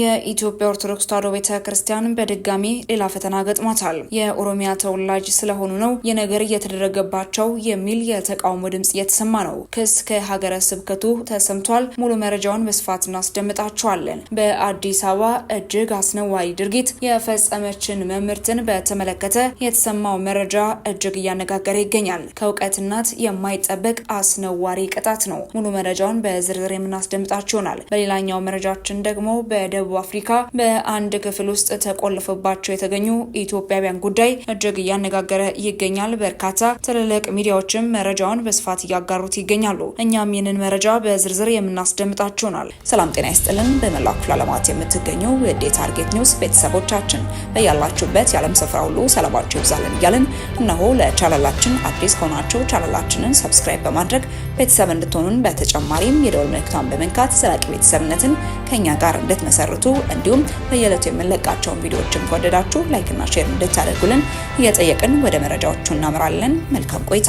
የኢትዮጵያ ኦርቶዶክስ ተዋሕዶ ቤተ ክርስቲያን በድጋሚ ሌላ ፈተና ገጥሟታል። የኦሮሚያ ተወላጅ ስለሆኑ ነው የነገር እየተደረገባቸው የሚል የተቃውሞ ድምጽ እየተሰማ ነው። ክስ ከሀገረ ስብከቱ ተሰምቷል። ሙሉ መረጃውን በስፋት እናስደምጣችኋለን። በአዲስ አበባ እጅግ አስነዋሪ ድርጊት የፈጸመችን መምህርትን በተመለከተ የተሰማው መረጃ እጅግ እያነጋገረ ይገኛል። ከእውቀት እናት የማይጠበቅ አስነዋሪ ቅጣት ነው። ሙሉ መረጃውን በዝርዝር የምናስደምጣችሁናል። በሌላኛው መረጃችን ደግሞ በደ በደቡብ አፍሪካ በአንድ ክፍል ውስጥ ተቆልፎባቸው የተገኙ ኢትዮጵያውያን ጉዳይ እጅግ እያነጋገረ ይገኛል። በርካታ ትልልቅ ሚዲያዎችም መረጃውን በስፋት እያጋሩት ይገኛሉ። እኛም ይህንን መረጃ በዝርዝር የምናስደምጣችሁናል። ሰላም ጤና ይስጥልን። በመላው ክፍለ ዓለማት የምትገኙ የዴ ታርጌት ኒውስ ቤተሰቦቻችን በያላችሁበት የዓለም ስፍራ ሁሉ ሰላማችሁ ይብዛልን እያልን እነሆ ለቻናላችን አዲስ ከሆናችሁ ቻናላችንን ሰብስክራይብ በማድረግ ቤተሰብ እንድትሆኑን በተጨማሪም የደወል ምልክቷን በመንካት ዘላቂ ቤተሰብነትን ከእኛ ጋር እንድትመሰሩ እንድትመሰርቱ እንዲሁም በየዕለቱ የምንለቃቸውን ቪዲዮዎችን ከወደዳችሁ ላይክና ሼር እንድታደርጉልን እየጠየቅን ወደ መረጃዎቹ እናምራለን። መልካም ቆይታ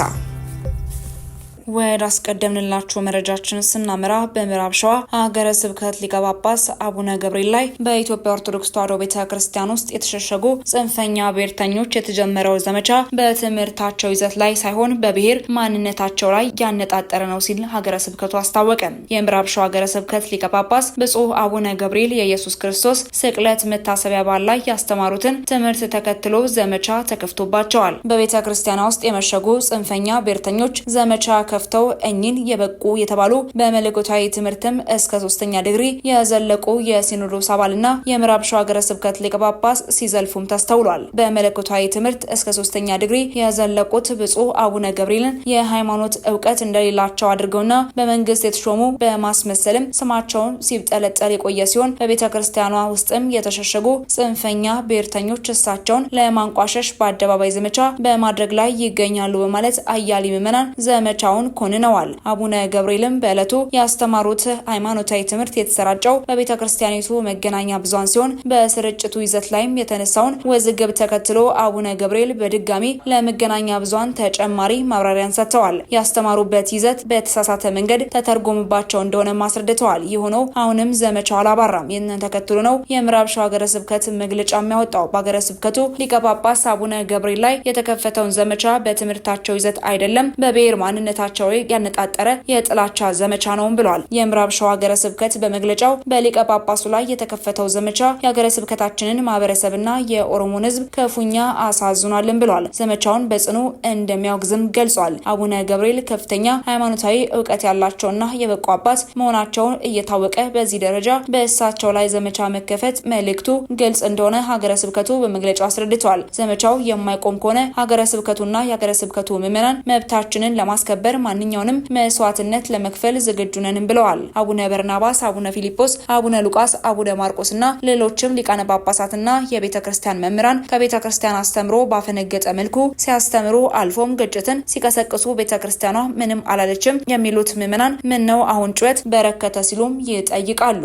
ወደ አስቀደምንላችሁ መረጃችን ስናመራ በምዕራብ ሸዋ ሀገረ ስብከት ሊቀ ጳጳስ አቡነ ገብርኤል ላይ በኢትዮጵያ ኦርቶዶክስ ተዋሕዶ ቤተ ክርስቲያን ውስጥ የተሸሸጉ ጽንፈኛ ብሔርተኞች የተጀመረው ዘመቻ በትምህርታቸው ይዘት ላይ ሳይሆን በብሔር ማንነታቸው ላይ ያነጣጠረ ነው ሲል ሀገረ ስብከቱ አስታወቀ። የምዕራብ ሸዋ ሀገረ ስብከት ሊቀ ጳጳስ ብፁዕ አቡነ ገብርኤል የኢየሱስ ክርስቶስ ስቅለት መታሰቢያ በዓል ላይ ያስተማሩትን ትምህርት ተከትሎ ዘመቻ ተከፍቶባቸዋል። በቤተ ክርስቲያኗ ውስጥ የመሸጉ ጽንፈኛ ብሔርተኞች ዘመቻ ከፍተው እኚህን የበቁ የተባሉ በመለኮታዊ ትምህርትም እስከ ሶስተኛ ዲግሪ የዘለቁ የሲኖዶስ አባልና የምዕራብ ሸዋ ሀገረ ስብከት ሊቀ ጳጳስ ሲዘልፉም ተስተውሏል። በመለኮታዊ ትምህርት እስከ ሶስተኛ ዲግሪ የዘለቁት ብፁዕ አቡነ ገብርኤልን የሃይማኖት እውቀት እንደሌላቸው አድርገውና በመንግስት የተሾሙ በማስመሰልም ስማቸውን ሲብጠለጠል የቆየ ሲሆን በቤተ ክርስቲያኗ ውስጥም የተሸሸጉ ጽንፈኛ ብሔርተኞች እሳቸውን ለማንቋሸሽ በአደባባይ ዘመቻ በማድረግ ላይ ይገኛሉ በማለት አያሌ ምዕመናን ዘመቻውን መሆኑን ኮንነዋል። አቡነ ገብርኤልም በዕለቱ ያስተማሩት ሃይማኖታዊ ትምህርት የተሰራጨው በቤተ ክርስቲያኒቱ መገናኛ ብዙሃን ሲሆን በስርጭቱ ይዘት ላይም የተነሳውን ውዝግብ ተከትሎ አቡነ ገብርኤል በድጋሚ ለመገናኛ ብዙሃን ተጨማሪ ማብራሪያን ሰጥተዋል። ያስተማሩበት ይዘት በተሳሳተ መንገድ ተተርጎምባቸው እንደሆነ አስረድተዋል። ይህ ሆኖ አሁንም ዘመቻው አላባራም። ይህንን ተከትሎ ነው የምዕራብ ሸዋ ሀገረ ስብከት መግለጫ የሚያወጣው። በሀገረ ስብከቱ ሊቀ ጳጳስ አቡነ ገብርኤል ላይ የተከፈተውን ዘመቻ በትምህርታቸው ይዘት አይደለም በብሔር ማንነታቸው ላይ ያነጣጠረ የጥላቻ ዘመቻ ነውም ብሏል። የምዕራብ ሸዋ ሀገረ ስብከት በመግለጫው በሊቀ ጳጳሱ ላይ የተከፈተው ዘመቻ የሀገረ ስብከታችንን ማህበረሰብና የኦሮሞን ሕዝብ ክፉኛ አሳዝኗልን ብሏል። ዘመቻውን በጽኑ እንደሚያወግዝም ገልጿል። አቡነ ገብርኤል ከፍተኛ ሃይማኖታዊ እውቀት ያላቸውና የበቁ አባት መሆናቸውን እየታወቀ በዚህ ደረጃ በእሳቸው ላይ ዘመቻ መከፈት መልእክቱ ግልጽ እንደሆነ ሀገረ ስብከቱ በመግለጫው አስረድቷል። ዘመቻው የማይቆም ከሆነ ሀገረ ስብከቱና የሀገረ ስብከቱ ምዕመናን መብታችንን ለማስከበር ማንኛውንም መስዋዕትነት ለመክፈል ዝግጁ ነንም ብለዋል። አቡነ በርናባስ፣ አቡነ ፊሊጶስ፣ አቡነ ሉቃስ፣ አቡነ ማርቆስና ሌሎችም ሊቃነ ጳጳሳትና የቤተ ክርስቲያን መምህራን ከቤተ ክርስቲያን አስተምሮ ባፈነገጠ መልኩ ሲያስተምሩ አልፎም ግጭትን ሲቀሰቅሱ ቤተ ክርስቲያኗ ምንም አላለችም የሚሉት ምዕመናን ምን ነው አሁን ጩኸት በረከተ ሲሉም ይጠይቃሉ።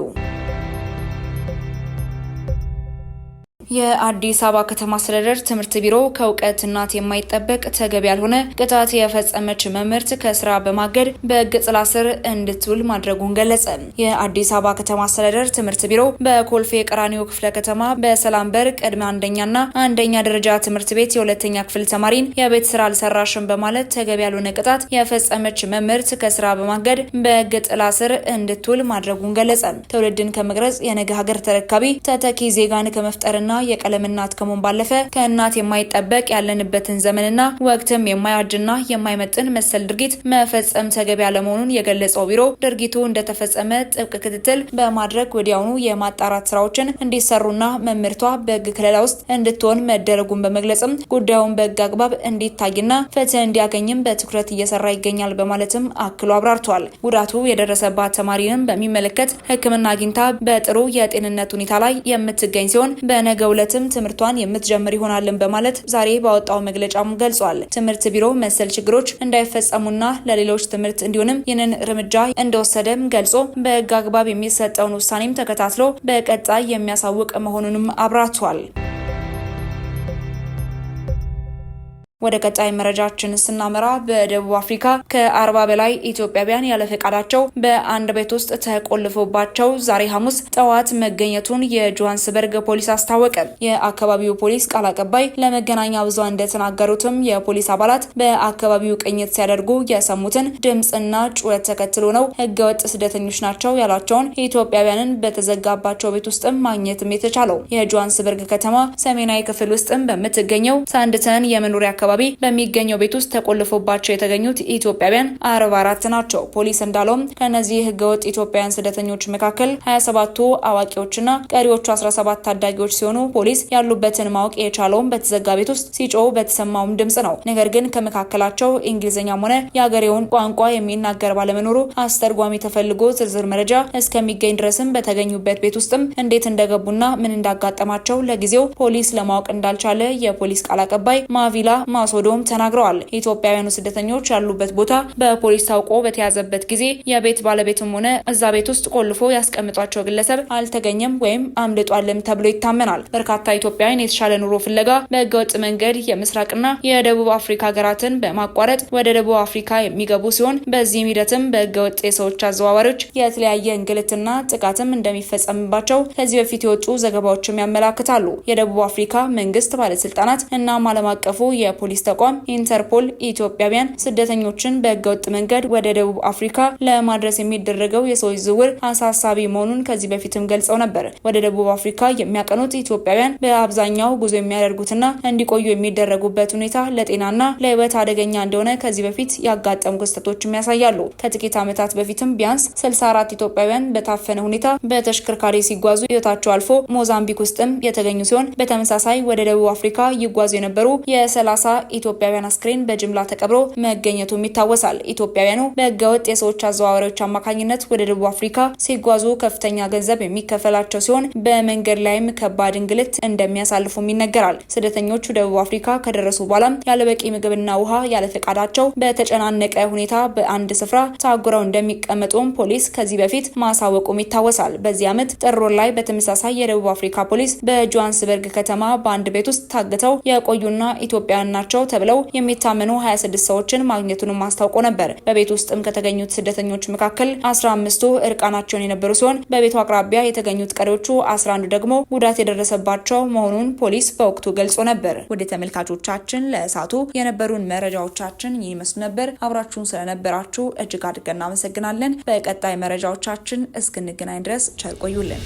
የአዲስ አበባ ከተማ አስተዳደር ትምህርት ቢሮ ከእውቀት እናት የማይጠበቅ ተገቢ ያልሆነ ቅጣት የፈጸመች መምህርት ከስራ በማገድ በሕግ ጥላ ስር እንድትውል ማድረጉን ገለጸ። የአዲስ አበባ ከተማ አስተዳደር ትምህርት ቢሮ በኮልፌ ቀራኒዮ ክፍለ ከተማ በሰላም በር ቅድመ አንደኛና አንደኛ ደረጃ ትምህርት ቤት የሁለተኛ ክፍል ተማሪን የቤት ስራ አልሰራሽም በማለት ተገቢ ያልሆነ ቅጣት የፈጸመች መምህርት ከስራ በማገድ በሕግ ጥላ ስር እንድትውል ማድረጉን ገለጸ። ትውልድን ከመቅረጽ የነገ ሀገር ተረካቢ ተተኪ ዜጋን ከመፍጠርና የቀለም እናት ከመሆን ባለፈ ከእናት የማይጠበቅ ያለንበትን ዘመንና ወቅትም የማያጅና የማይመጥን መሰል ድርጊት መፈጸም ተገቢ ለመሆኑን የገለጸው ቢሮ ድርጊቱ እንደተፈጸመ ጥብቅ ክትትል በማድረግ ወዲያውኑ የማጣራት ስራዎችን እንዲሰሩና መምህርቷ በህግ ከለላ ውስጥ እንድትሆን መደረጉን በመግለጽም ጉዳዩን በህግ አግባብ እንዲታይና ፍትህ እንዲያገኝም በትኩረት እየሰራ ይገኛል በማለትም አክሎ አብራርቷል። ጉዳቱ የደረሰባት ተማሪንም በሚመለከት ሕክምና አግኝታ በጥሩ የጤንነት ሁኔታ ላይ የምትገኝ ሲሆን በነገ በነገው ዕለትም ትምህርቷን የምትጀምር ይሆናልን በማለት ዛሬ ባወጣው መግለጫም ገልጿል። ትምህርት ቢሮ መሰል ችግሮች እንዳይፈጸሙና ለሌሎች ትምህርት እንዲሆንም ይህንን እርምጃ እንደወሰደም ገልጾ በህግ አግባብ የሚሰጠውን ውሳኔም ተከታትሎ በቀጣይ የሚያሳውቅ መሆኑንም አብራቷል። ወደ ቀጣይ መረጃችን ስናመራ በደቡብ አፍሪካ ከአርባ በላይ ኢትዮጵያውያን ያለ ፈቃዳቸው በአንድ ቤት ውስጥ ተቆልፎባቸው ዛሬ ሐሙስ ጠዋት መገኘቱን የጆሃንስበርግ ፖሊስ አስታወቀ። የአካባቢው ፖሊስ ቃል አቀባይ ለመገናኛ ብዙሃን እንደተናገሩትም የፖሊስ አባላት በአካባቢው ቅኝት ሲያደርጉ የሰሙትን ድምፅና ጩኸት ተከትሎ ነው ህገወጥ ስደተኞች ናቸው ያሏቸውን ኢትዮጵያውያንን በተዘጋባቸው ቤት ውስጥም ማግኘትም የተቻለው። የጆሃንስበርግ ከተማ ሰሜናዊ ክፍል ውስጥም በምትገኘው ሳንድተን የመኖሪያ አካባቢ አካባቢ በሚገኘው ቤት ውስጥ ተቆልፎባቸው የተገኙት ኢትዮጵያውያን አርባ አራት ናቸው። ፖሊስ እንዳለውም ከእነዚህ ህገወጥ ኢትዮጵያውያን ስደተኞች መካከል ሀያ ሰባቱ አዋቂዎችና ቀሪዎቹ 17 ታዳጊዎች ሲሆኑ ፖሊስ ያሉበትን ማወቅ የቻለውም በተዘጋ ቤት ውስጥ ሲጮው በተሰማውም ድምጽ ነው። ነገር ግን ከመካከላቸው እንግሊዝኛም ሆነ የአገሬውን ቋንቋ የሚናገር ባለመኖሩ አስተርጓሚ ተፈልጎ ዝርዝር መረጃ እስከሚገኝ ድረስም በተገኙበት ቤት ውስጥም እንዴት እንደገቡና ምን እንዳጋጠማቸው ለጊዜው ፖሊስ ለማወቅ እንዳልቻለ የፖሊስ ቃል አቀባይ ማቪላ ማስወደውም ተናግረዋል። ኢትዮጵያውያኑ ስደተኞች ያሉበት ቦታ በፖሊስ ታውቆ በተያዘበት ጊዜ የቤት ባለቤትም ሆነ እዛ ቤት ውስጥ ቆልፎ ያስቀምጧቸው ግለሰብ አልተገኘም ወይም አምልጧልም ተብሎ ይታመናል። በርካታ ኢትዮጵያውያን የተሻለ ኑሮ ፍለጋ በህገወጥ መንገድ የምስራቅና የደቡብ አፍሪካ ሀገራትን በማቋረጥ ወደ ደቡብ አፍሪካ የሚገቡ ሲሆን በዚህም ሂደትም በህገወጥ የሰዎች አዘዋዋሪዎች የተለያየ እንግልትና ጥቃትም እንደሚፈጸምባቸው ከዚህ በፊት የወጡ ዘገባዎችም ያመላክታሉ። የደቡብ አፍሪካ መንግስት ባለስልጣናት እናም ዓለም አቀፉ የፖ ፖሊስ ተቋም ኢንተርፖል ኢትዮጵያውያን ስደተኞችን በህገወጥ መንገድ ወደ ደቡብ አፍሪካ ለማድረስ የሚደረገው የሰዎች ዝውውር አሳሳቢ መሆኑን ከዚህ በፊትም ገልጸው ነበር። ወደ ደቡብ አፍሪካ የሚያቀኑት ኢትዮጵያውያን በአብዛኛው ጉዞ የሚያደርጉትና እንዲቆዩ የሚደረጉበት ሁኔታ ለጤናና ለህይወት አደገኛ እንደሆነ ከዚህ በፊት ያጋጠሙ ክስተቶችም ያሳያሉ። ከጥቂት ዓመታት በፊትም ቢያንስ 64 ኢትዮጵያውያን በታፈነ ሁኔታ በተሽከርካሪ ሲጓዙ ህይወታቸው አልፎ ሞዛምቢክ ውስጥም የተገኙ ሲሆን በተመሳሳይ ወደ ደቡብ አፍሪካ ይጓዙ የነበሩ የ30 ኢትዮጵያውያን አስክሬን በጅምላ ተቀብሮ መገኘቱም ይታወሳል። ኢትዮጵያውያኑ በህገወጥ የሰዎች አዘዋዋሪዎች አማካኝነት ወደ ደቡብ አፍሪካ ሲጓዙ ከፍተኛ ገንዘብ የሚከፈላቸው ሲሆን በመንገድ ላይም ከባድ እንግልት እንደሚያሳልፉም ይነገራል። ስደተኞቹ ደቡብ አፍሪካ ከደረሱ በኋላም ያለበቂ ምግብና ውሃ ያለፈቃዳቸው በተጨናነቀ ሁኔታ በአንድ ስፍራ ታጉረው እንደሚቀመጡም ፖሊስ ከዚህ በፊት ማሳወቁም ይታወሳል። በዚህ ዓመት ጥር ላይ በተመሳሳይ የደቡብ አፍሪካ ፖሊስ በጆሃንስበርግ ከተማ በአንድ ቤት ውስጥ ታግተው የቆዩና ኢትዮጵያውያን ናቸው ተብለው የሚታመኑ 26 ሰዎችን ማግኘቱንም አስታውቆ ነበር። በቤት ውስጥም ከተገኙት ስደተኞች መካከል 15ቱ እርቃናቸውን የነበሩ ሲሆን በቤቱ አቅራቢያ የተገኙት ቀሪዎቹ 11 ደግሞ ጉዳት የደረሰባቸው መሆኑን ፖሊስ በወቅቱ ገልጾ ነበር። ወደ ተመልካቾቻችን ለእሳቱ የነበሩን መረጃዎቻችን ይመስሉ ነበር። አብራችሁን ስለነበራችሁ እጅግ አድርገን እናመሰግናለን። በቀጣይ መረጃዎቻችን እስክንገናኝ ድረስ ቸር ቆዩልን።